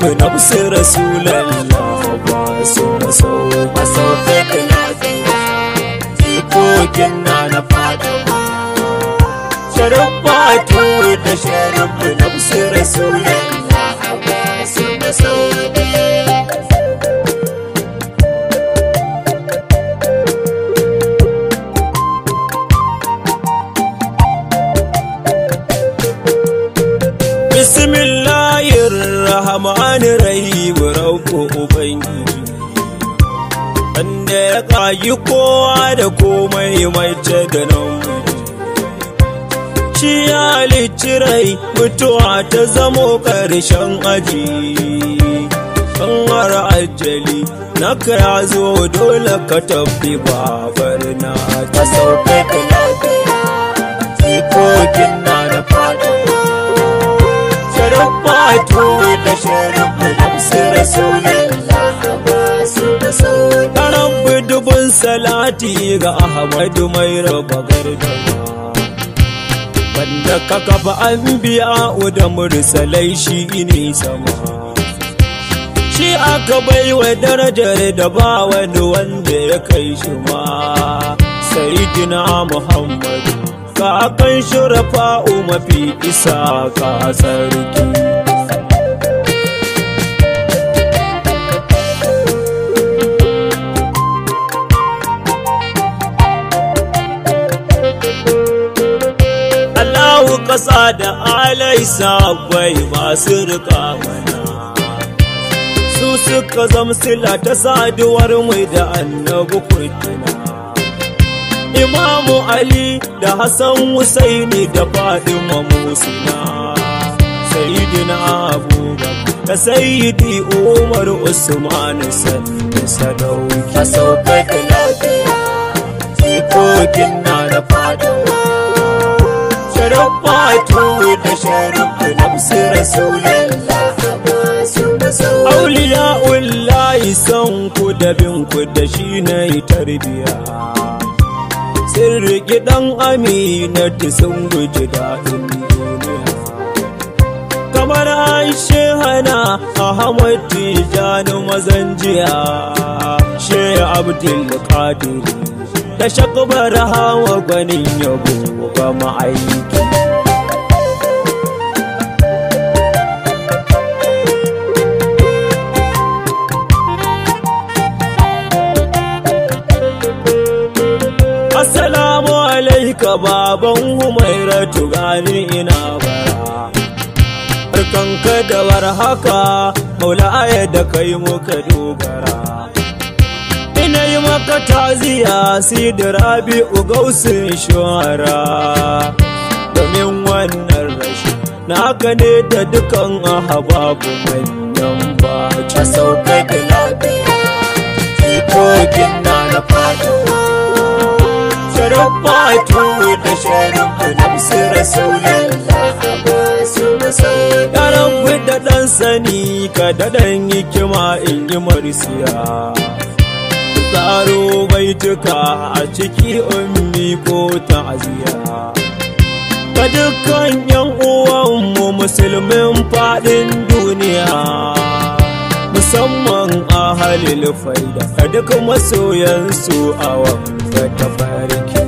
mu nafsi rasulallah ba su maso maso fitna jikokin na na fadama sharafatu da sharafin nafsi rasulallah ni shan aji kanwar ajali na kira zo dole ka tafi babar na ta sauke ka lafiya jikokin na da fata sharar fato da da mulamsu rasulun Rabbi dubun salati ga Ahmadu mai raba gardama wanda ka kafa an biya da mursalai shi ne sama shi aka bai wa darajar da ba wani wanda ya kai shi ma sayidina muhammadu ka kan shurafa mafi isa ka sarki Kasa da alaisa akwai masu rika su suka zamsila ta saduwar mai da annabu kurkina imamu ali da hassan husaini da fadima na sayidina abubakar da sayidi umar usman sadauki a sauƙaƙa lafiya jikokin na da fadi wato da sharin annabsu rasulullah auliya ullahi san ku da bin ku da shine tarbiya sun riki dan amina da sun guji daɗin kamar aishe hana a hamadu jani mazanjiya she abdul qadir da shakubar hawa gwanin yabo ga ma'aikin baban humairatu gani ina bara ka da war haka maulaya da kai muka dogara ina yi maka taziya sidira bi ugausin shuhara domin wannan rashin naka ne da dukan ahababu manyan ba ta sauka da lafiya na na faduwa ربعته بشر بنفس رسول الله يا رب da ɗan sani ka daɗan hikima in yi marsiya tsaro baituka a ciki ummi ko ta'aziya ga dukkan yan uwanmu musulmin faɗin duniya musamman a halil faida da duk masoyansu a wani shiga tafariki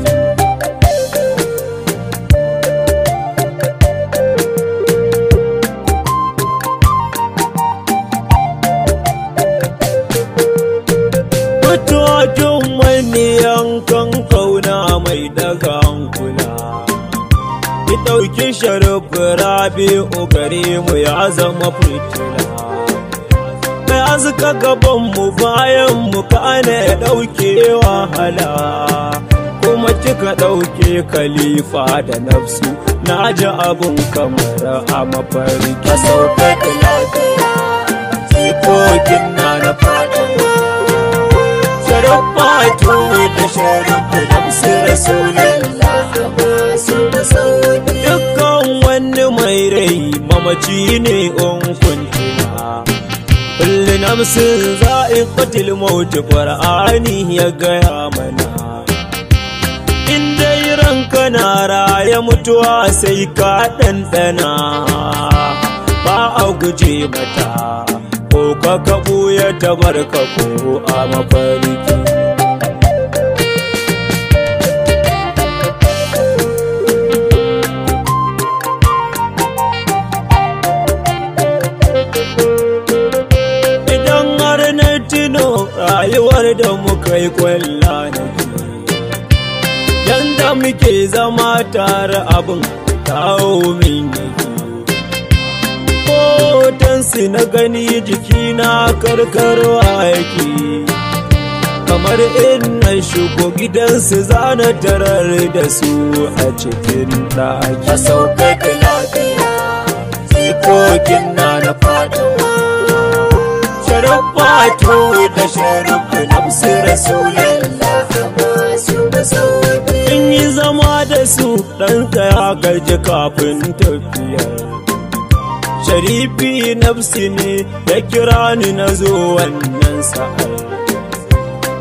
Mutojin wani yankan kauna mai daga hankula. Ki ɗauki sharif rabi'u gare mu ya zama fitila. mai azuka gabanmu bayanmu ka ne ɗauke wahala kuma kika ɗauke khalifa da nafsu na ji abun kamar a mafarki sauka ka lafiya jikokin na na fata sharafatu da sharafu nafsu rasulullah su da sauki dukkan wani mai rai mamaci ne on kuntina kulli namsi za'iqatul maut qur'ani ya gaya mana in dai ranka na raye mutuwa sai ka ɗanɗana ba a guje mata ko ka kaɓu ya tabarka ko a mafarki da muka yi kwalla na yanda muke zama tare abin kawo min hotonsu na gani jiki na karkarwa yake kamar in na shigo gidansu zana tarar da su a cikin ɗaki. A sauƙaƙa lafiya, jikokin na na ربعته تشرب بنفس رسول الله In yi zama da su ɗansa ya gaji kafin tafiya. Sharifi nafsi ne ya kira ni na zo wannan sa'ar.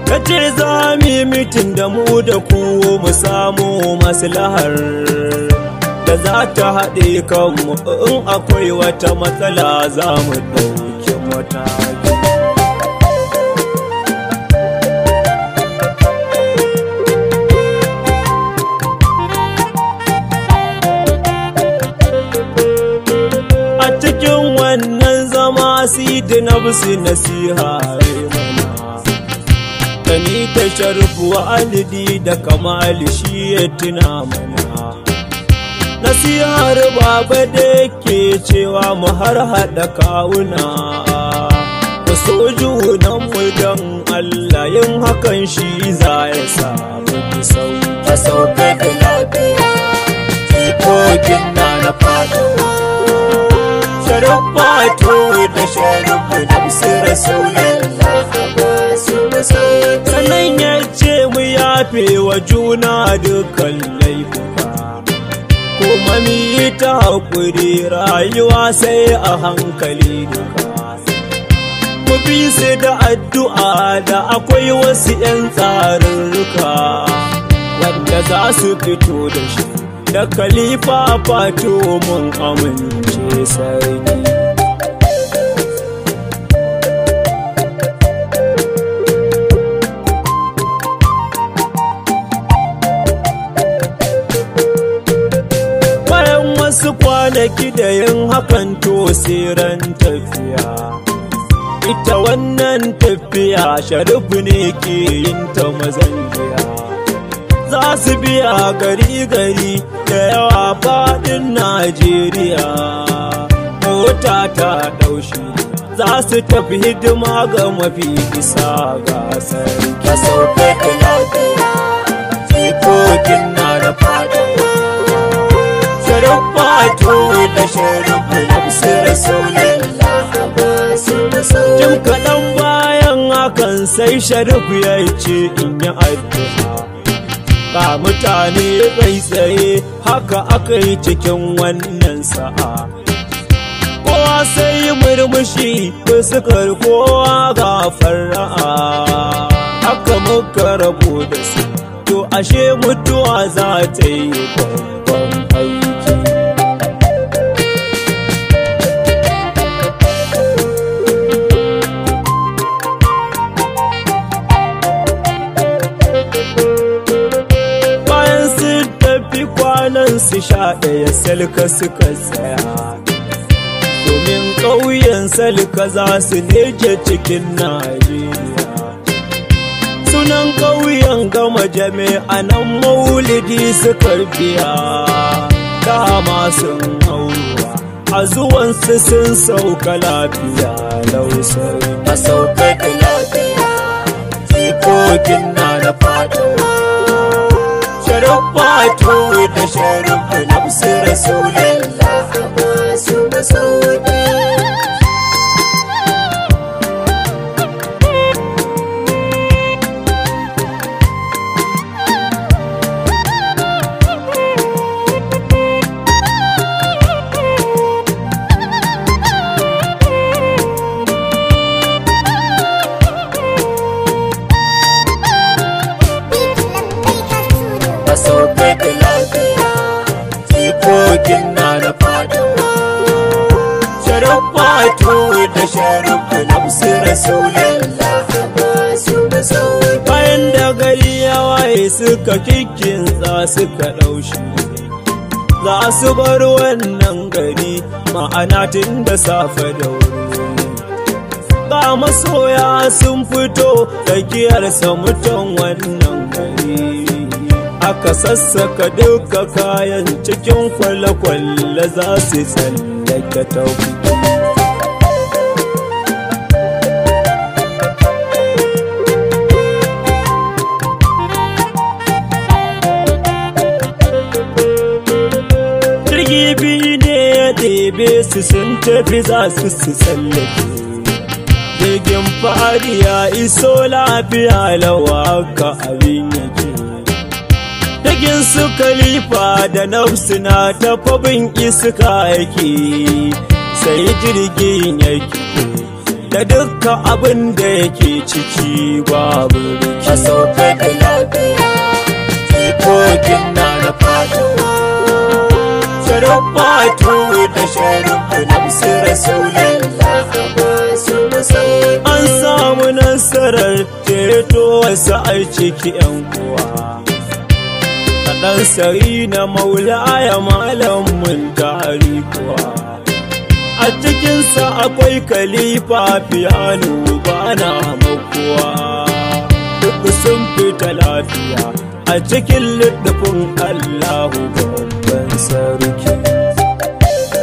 Ka ce za mu yi mitin da da ku mu samu maslahar. da za ta haɗe kanmu in akwai wata matsala za mu ɗauki mataki. sidi na busi nasiha mana Kani ta sharufu alidi da kamali shi ya tuna mana Nasihar baba da ke cewa mu har haɗa kawuna Da sojunan mu don Allah yin hakan shi za ya samu kisau so ka da lafiya, tikokin na na faduwa Sharafatu shagabu da ya ce mu yafe wa juna dukkan laifuka kuma ta haƙuri rayuwa sai a hankali duka ku bi su da addu'a da akwai wasu 'yan tsarurruka wanda za su fito da shi da khalifa fato mun amince sarki wasu kwanaki da yin hakan to siran tafiya ita wannan tafiya sharif ne ke yin ta mazanjiya za su biya gari gari da yawa faɗin najeriya mota ta ɗaushi za su tafi hidima ga mafi isa gasar ka sauke ka lafiya jikokin na da fada sharafatu da kaɗan bayan hakan sai Sharifu ya ce in yi addu'a ba mutane bai tsaye haka aka yi cikin wannan sa'a kowa sai murmushi fuskar kowa ga fara'a haka muka rabu da su to ashe mutuwa za ta yi kwan hanyar sha ɗaya salka suka tsaya domin ƙauyen salka za su neke cikin najeriya sunan ƙauyen gama jami'a nan maulidi suka biya dama sun haura a zuwansu sun sauka lafiya lausar a sauka lafiya jikokin kwato da sharif da rasulai wato da sharafa bayan da gari ya waye suka za su ɗaushi za su bar wannan gari ma'ana tun da safe da wuri ga masoya sun fito tsakiyarsa mutan wannan gari aka sassaka duka kayan cikin kwale-kwale za su tsallake tauki sun tafi za su su tsallake jirgin fari ya iso lafiya lawa ka abin yake Dagin su kalifa da nafsu na tafabin iska yake sai jirgin yake da dukkan abin da yake ciki babu riki. Ka so lafiya, jikokin rubatu da sharifu namsu rasulallah an samu nasarar ceto wasu ai ciki yan uwa ɗan sari na maula ya malamin tari kuwa a cikinsa akwai kalifa fiyano ba na makuwa duk sun fita lafiya a cikin littafin allahu sarki shi sharifi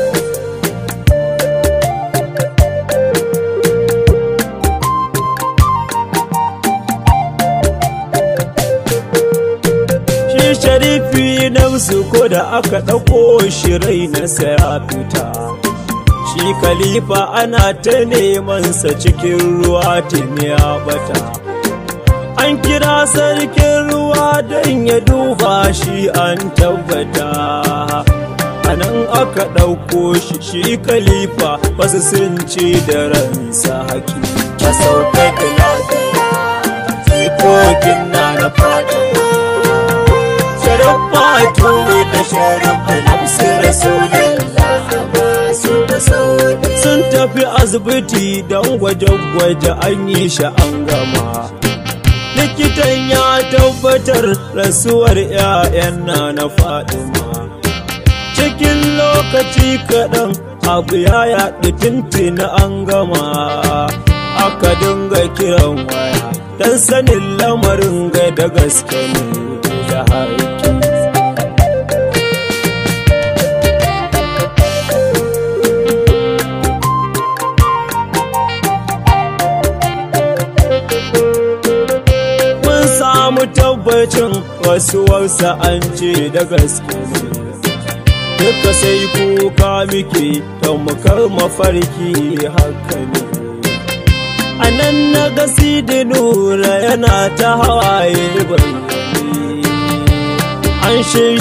namsu ko da aka ɗauko shi rai na saya fita shi khalifa ana ta neman sa cikin ruwa tun ya bata an kira sarkin ruwa don ya duba shi an tabbata anan aka ɗauko shi shi kalifa basu sun ce da ransa haƙi ka sauka ka jikokin na na fata sharafatu da sharafa nafsu rasulullah sun tafi asibiti don gwaje-gwaje an yi shi an gama likitan ya tabbatar rasuwar 'ya'yan na na ma cikin lokaci kaɗan abu ya yaɗi tuntuni an gama aka dinga kiran waya don sanin lamarin ga da gaske ne da haihu. cin wasu wausa an ce da gaske duka sai kuka muke tamkar mafarki haka ne a nan na gasi da nura yana ta hawaye bayani an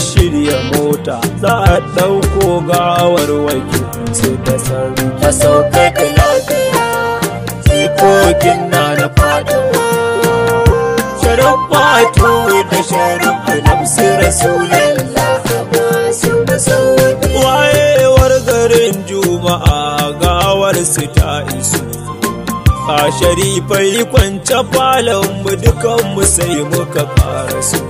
shirya mota za a ɗauko gawar wakil su da sarki ta sauka da lafiya jikokin na na shirin sharan garin juma'a gawar su ta isu a sharifai kwance mu dukanmu sai muka fara su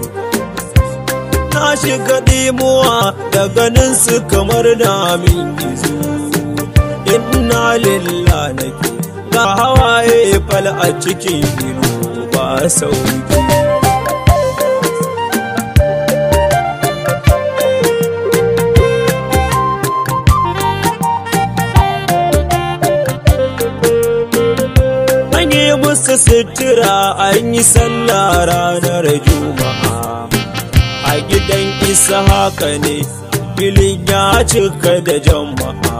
na shiga dimuwa da ganin su kamar na min gizo inna lillah nake ga hawaye fal a cikin gino ba sauki sutura an yi sallah ranar juma'a a gidan isa haka ne filin ya cika da jama'a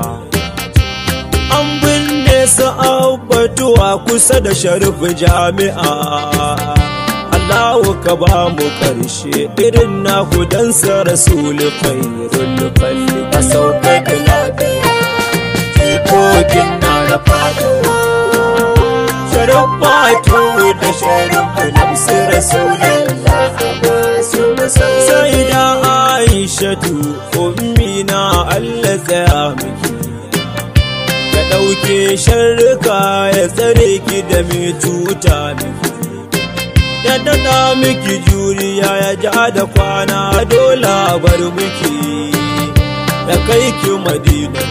an binne su abbatuwa kusa da sharif jami'a Allahu ka ba mu karshe irin na hudan sa rasul khairul a ka da lafiya tikokin na da rubatu da sharifu namsu rasulallah sai da aishatu ummina allah tsaya ya ɗauke sharruka ya tsare ki da mai cuta miki ya daɗa miki juriya ya ja da kwana dole bar miki ya kai ki madina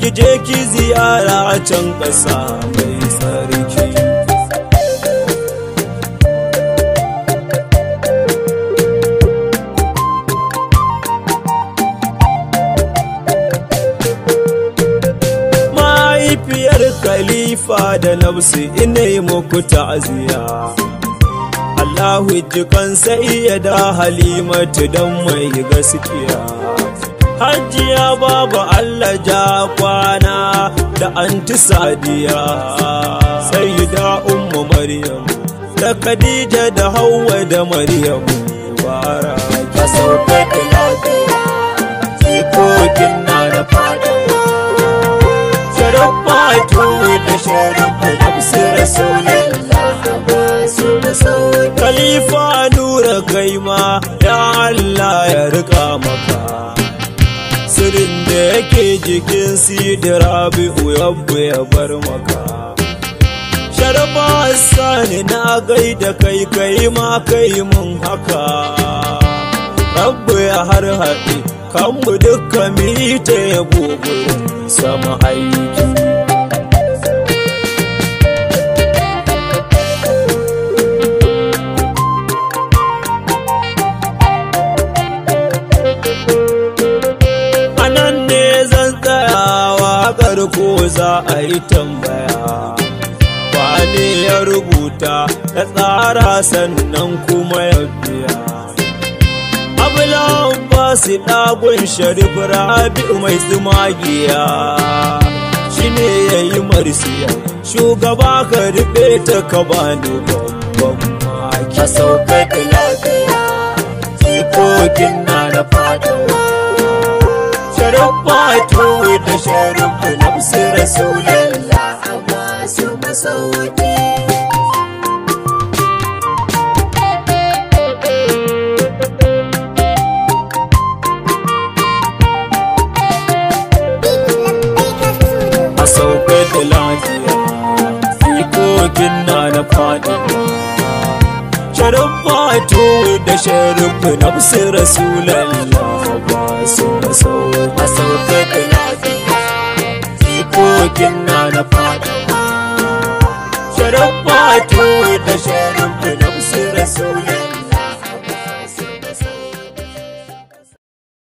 ki je ki ziyara can ƙasa mai tsarki fada da nafsi ina yi muku ta'aziya Allahu jikan sai ya da halimatu don mai gaskiya Hajiya babu Allah ja kwana da anti sadiya Sai da ummu Maryam da Khadija da Hauwa da Maryam bara ka sauka lafiya jikokin na da fada. fatu da sharafu nafsu rasulullah khalifa nura kaima ya Allah ya rika maka sirrin da yake jikin sidira Rabi'u, yabbu ya bar maka sharba sani na gaida kai kai ma kai mun haka rabu ya har haɗe kan mu dukkan mita ya gobe sama aiki za a yi tambaya wane ya rubuta ya tsara sannan kuma ya biya abulawan ba su ɗagun sharif rabi'u mai tsumagiya shi ne ya yi marsiya shugaba ka rufe ta ka bani babban maki sauka da lafiya jikokin na na fata Sharafatu da sharafu nafsu a da lafiya, ikokin na na wadatu da sharin fidan su rasulun